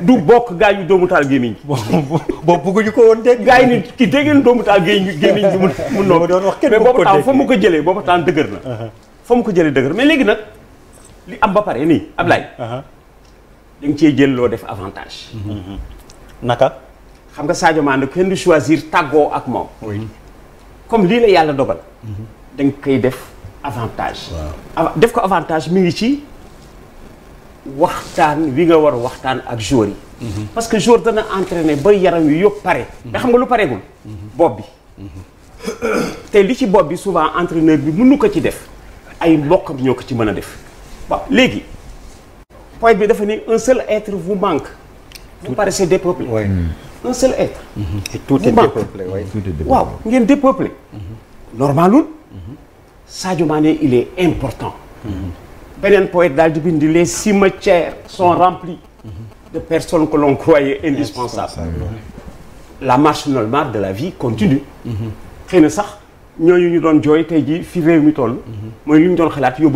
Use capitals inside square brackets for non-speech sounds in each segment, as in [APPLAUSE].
du bokk gaa ñu doomu taal gémmiñ boobu bëgguñu ko woon dégg gaa yi ni ki dégg na doomu taal gémmiñ gi mun [LAUGHS] doon wax kenn mais boobu temps fa mu ko jëlee boobu temps dëgër na uh-huh. fa mu ko jëlee dëgër mais léegi nag li am ba pare nii Ablaye uh-huh. da nga cee jël loo def avantage uh-huh. naka xam nga Sadio Mané kenn du choisir tàggoo ak moom comme lii la yàlla dogal da nga koy def avantage def ko avantage mi ngi ci waxtaan wi nga war a waxtaan ak jour yi. parce que joueur dana entraîné ba yaram wi yëpp pare. mais xam nga lu pareegul. bopp bi. te li ci bopp bi souvent entraîneur bi mënu ko ci def ay mbokkam ñoo ko ci mën a def waaw léegi point bi dafa ni un seul être vous manque. vous paraissez dépeuplé. un seul être. Mm-hmm. et tout est dépeuplé waaw ngeen dépeuplé. Mm-hmm. normalul. lul. Mm-hmm. Sadio Mané il est important beneen poète daal les cimetières sont remplis de personnes que l'on croyait indispensables la marche normale de la vie continue xëy na sax ñooñu ñu doon jooy tey jii fi réew mi toll mooy li ñu doon xalaat ko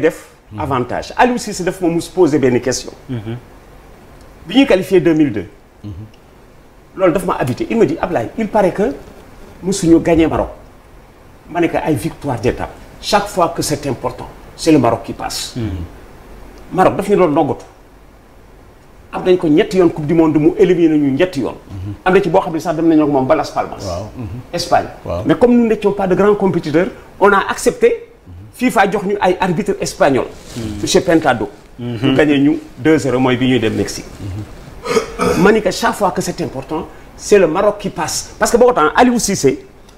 fa avantage Aliou aussi, daf ma mus poser une question Nous avons qualifié 2002 Nous daf ma habité il me dit Ablaye il paraît que avons gagné Maroc ma a une ay victoire d'étape chaque fois que c'est important c'est le Maroc qui passe. Hmm. Maroc daf ñu doon noggatu. am nañ ko ñetti une coupe du monde mu éliminé nañu ñetti yoon. Hmm. am na ci boo xam ne sax dem nañoo ak Palmas. Hmm. Espagne. mais comme nous n'étions pas de grands compétiteurs. on a accepté. FIFA jox ñu ay arbitres espagnols. monsieur Pentado. ñu gagné ñu 2-0 mooy bi ñuy dem Mexique. ma chaque fois que c'est important c'est le Maroc qui passe parce que boo ko temps Aliou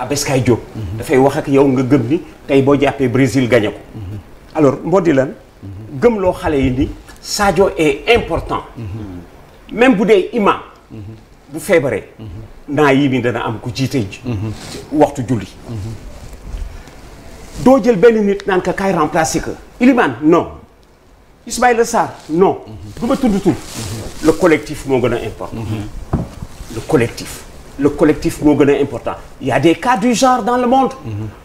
Abes Kaye Diop. da fay wax ak yow nga gëm ni tay bo jappé Brésil gagné ko. alors moo lan gëm lo xalé yi ni Sadio est important. même bu dee imam. bu fébré na yi mi dana am ku jité waxtu julli. do jël ben nit naan ka kaay remplacer que Iliman non Ismaïla Sarr non. bu ma tudd tout le collectif mo gëna important. le collectif le collectif mongolais important il y a des cas du genre dans le monde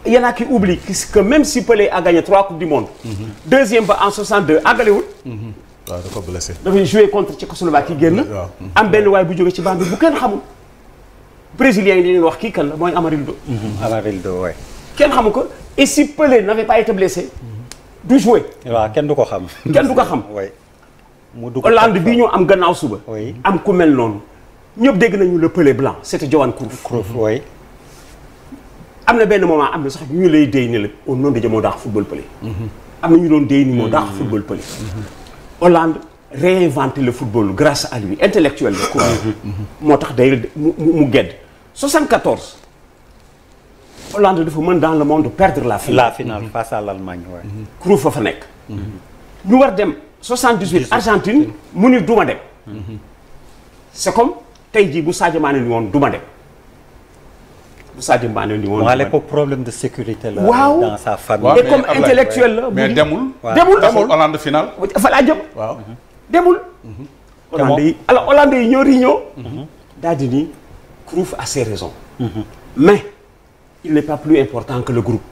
il y en a qui oublient que même si Pelé a gagné trois coupes du monde deuxième en 62 à waaw il a joué contre Tchécoslovaquie ki génn am benn a bu jóge ci banc bu kenn brésilien il li leen wax kii kan la Amarildo mhm. Amarildo waay kenn est ko et si Pelé n'avait pas été blessé du joué Qui kenn du ko xam kenn du ko xam il bi ñu am gannaaw suba am ku mel noonu nous avons nañu le pelé blanc c'était Johan Cruyff. Cruyff oui. y a un moment où sax ñu lay au nom de la moo football pelé. Mhm. am na ñu de la mhm. football pelé. Mhm. Hollande réinvente le football grâce à lui intellectuellement. Il a day mu 74. Hollande le mën dans le monde perdre la finale. finale face à l'Allemagne waaye. Cruyff fa fa 78. Argentine nous avons duma c'est comme tey jii bu Sadio Mané ni won du ma dem bu Sadio Mané ni won waaw lépp problème de sécurité là waaw dans sa famille. et comme intellectuel là mais demul. demul demul Hollande final. fa laa jëm. demul. Mhm. Hollande yi alors Hollande yi ñoo riñoo. daal di ni Cruyff a ses raisons. Mhm. mais il n'est pas plus important que le groupe.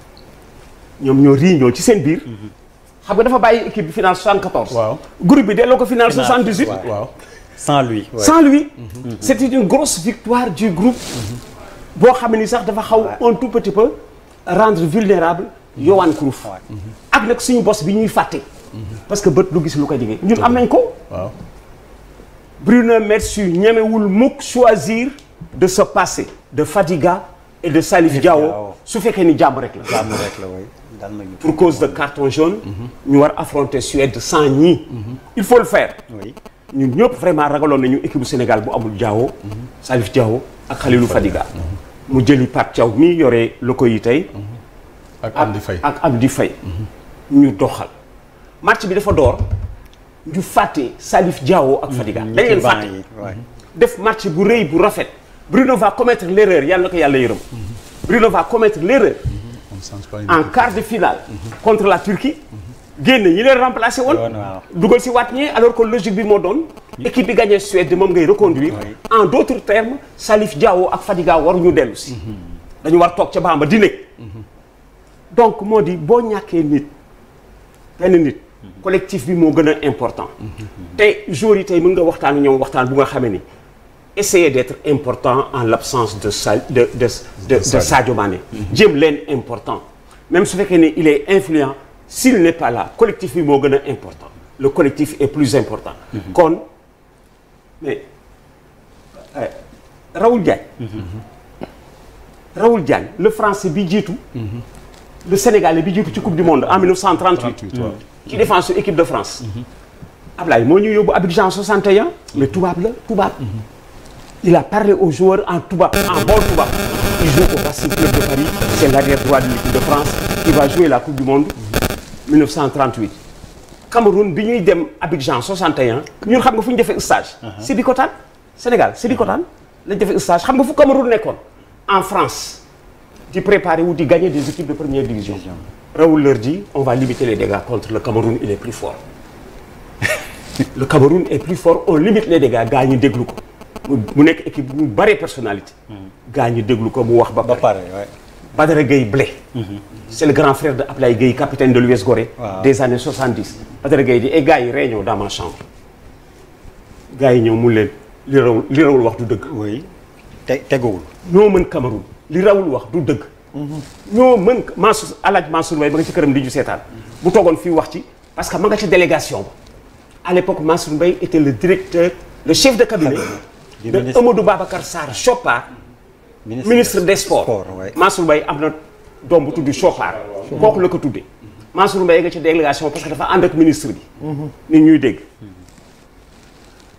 ñom ñoo riño ci sen bir mhm. xam nga dafa baye équipe bi finale 74. waaw groupe bi delloo ko finale 78. waaw sans lui sans lui. Mhm. Mhm. c'était une grosse victoire du groupe. Bo xam sax dafa xaw un tout petit peu rendre vulnérable Johan Krouf. Mhm. ak nak suñu boss bi ñuy parce que beut lu gis lu ko jege. ñun am nañ ko. Bruno Mersu mook choisir de se passer de Fadiga et de Salif Diao su fekkee ni jàmm rek la. rek la oui pour cause de carton jaune. Nous war affronter Suède sans nid il faut le faire. Nous ñëpp vraiment ragalon nañu équipe du Sénégal bu amul jao Salif jao ak Khalilou Fadiga. mu jëli Pape Thiaw mi yore loko yi tey. ak Amdi Faye ak Amdi Faye ñu doxal match bi dafa door ñu faté Salif jao ak Fadiga. dañ leen fàtte def match bu reuy bu rafet. Bruno va commettre l'erreur yalla ko yalla yërëm. Bruno va commettre l'erreur en quart de finale. contre la Turquie génn il est remplacé on dugal si waat alors que logique bi moo doon. équipe bi gagner Suède moom ngay reconduire. en d'autres termes Salif Diao ak Fadiga waruñu dellu si. Mhm. dañu war toog ca Bamba di nekk. Mhm. donc moo di boo a nit benn nit. Mhm. collectif bi moo gën important. et jour yi tey mën nga waxtaan ñoom waxtaan bu nga ni. essayer d'être important en l'absence de sa de de de de Sadio Mané. jéem leen important même su fekkee il est influent s'il n'est pas là le collectif est important le collectif est plus important mhm. mais eh, Raoul Diagne mhm. Mhm. Raoul Diagne le français bi tout. le sénégalais bi jiitu ci coupe du monde en 1938 Qui défend l'équipe équipe de France Ablaye ñu Abidjan 61 mais Toubab. il a parlé aux joueurs en Toubab, en bon Toubab. il joue au Racing Club de Paris c'est l'arrière droit de l'équipe de France qui va jouer la coupe du monde 1938 Cameroun bi dem Abidjan 61 Nous xam nga fu ñu uh-huh. Sénégal, stage. Bicotan, Sénégal uh-huh. c'est lañ un stage xam nga fu Cameroun en France tu préparer ou tu gagner des équipes de première division. Raoul leur dit on va limiter les dégâts contre le Cameroun il est plus fort. [LAUGHS] le Cameroun est plus fort on limite les dégâts gagne, des déglu ko mu une équipe bu de personnalité. Hmm. Gagne, des déglu ko mu wax ba Badara Gueye Blé. c'est le grand frère de Ablaye Gueye capitaine de l'US Gorée. des années 70. Badara Gueye di et eh, gars yi réunion dans ma chambre. gars yi ñëw mun leen li rawul li rawul du oui Nous, teguwul. ñoo mën Cameroun li rawul wax du dëgg. ñoo mën Mansour Aladj Mansour Nous, ma nga ci këram di ñu seetaan. bu toogoon fii wax ci parce que ma nga ci délégation à l'époque Mansour Mbaye était le directeur le chef de cabinet de Amadou Babacar Sarr ministre des sports Mansour Mbaye am un doom bu tudd Soxaar kooku la ko Mansour Mbaye est ci délégation parce que dafa ànd ak ministre bi nit ñuy dégg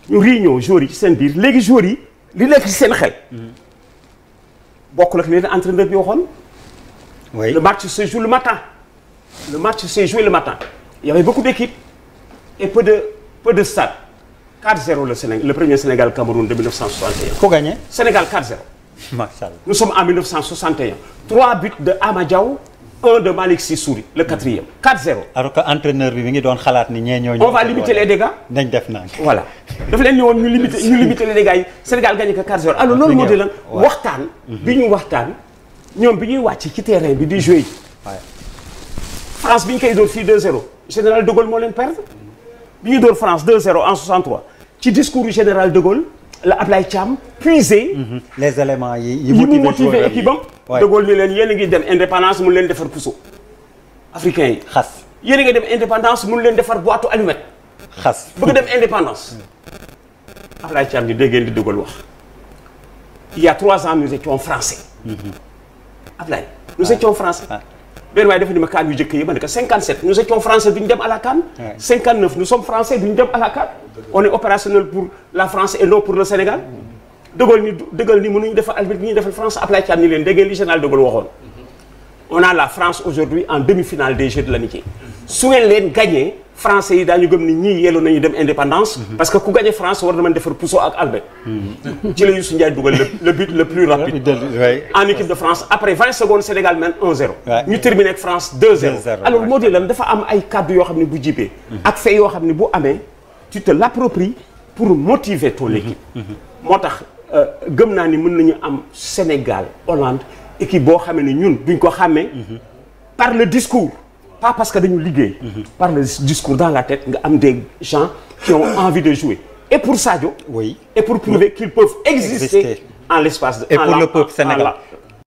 ñu réunion joueurs c'est ci seen biir léegi joueurs yi li nekk ci seen xel bokkul ak leen entraîneur bi waxoon le match se joue le matin le match s'est joué le matin il y avait beaucoup d'équipes et peu de peu de stades 4-0 le Sénégal le premier Sénégal Cameroun de 1961 ko gagné Sénégal 4-0 nous sommes en 1961. 3 buts de Amadjaou, 1 de Malik Sissouri, le hmm. quatrième. 4-0. Alors que l'entraîneur, on va limiter les dégâts. Voilà. Nous allons limiter les dégâts. Le Sénégal gagne 4-0. Alors, nous avons dit, Wartan, Bignou nous avons dit, Wati, qui terrain, Bignou jouer. France, Bignou Kaïdo, 2-0. Général de Gaulle, Molen perdre. Bignou France, 2-0 en 63. Qui discours du général de Gaulle la Ablaye Thiam puiser. Mhm. les éléments y yi motiver motivé équipe de Gaulle les leen yéen a dem indépendance mun leen defar puso. africain yi y yéen a dem indépendance mun leen defar boîte allumette. xas bëgg dem indépendance. Mm. Ablaye Cham ñu dégg di de Gaulle wax. il y a trois ans nous étions français. Mhm. Ablaye nous étions français. Ben waaye dafa ni ma CAN yu jëkk yi 57 nous étions français duñu dem à la CAN. 59 nous sommes français duñu dem à la CAN. on est opérationnel pour la France et non pour le Sénégal. Mm-hmm. de Gaulle ni de Gaulle ni mënuñu defal Albert ni ñu defal France appelé Thiam ni leen dégg li général de Gaulle mm-hmm. on a la France aujourd'hui en demi-finale des Jeux de l'amitié Souvent les leen les français yi daañu gëm ni d'indépendance indépendance. Mhm. parce que ku gagner France war na de defar Pouceau ak Albert. Mhm. ci le but le plus rapide. en équipe de France après 20 secondes Sénégal mène 1-0. Nous terminons avec France 2-0. alors modèle di lan dafa am ay kàddu yoo xam bu Et mhm. ak tu te l'appropries pour motiver ton équipe. Moi, que euh, gëm naa ni mën am Sénégal Hollande équipe boo xamee ne ñun duñ ko par le discours pas parce que nous ligués mhm. par le discours dans la tête des gens qui ont [COUGHS] envie de jouer et pour ça, oui et pour prouver qu'ils peuvent exister. en l'espace de et pour le peuple sénégalais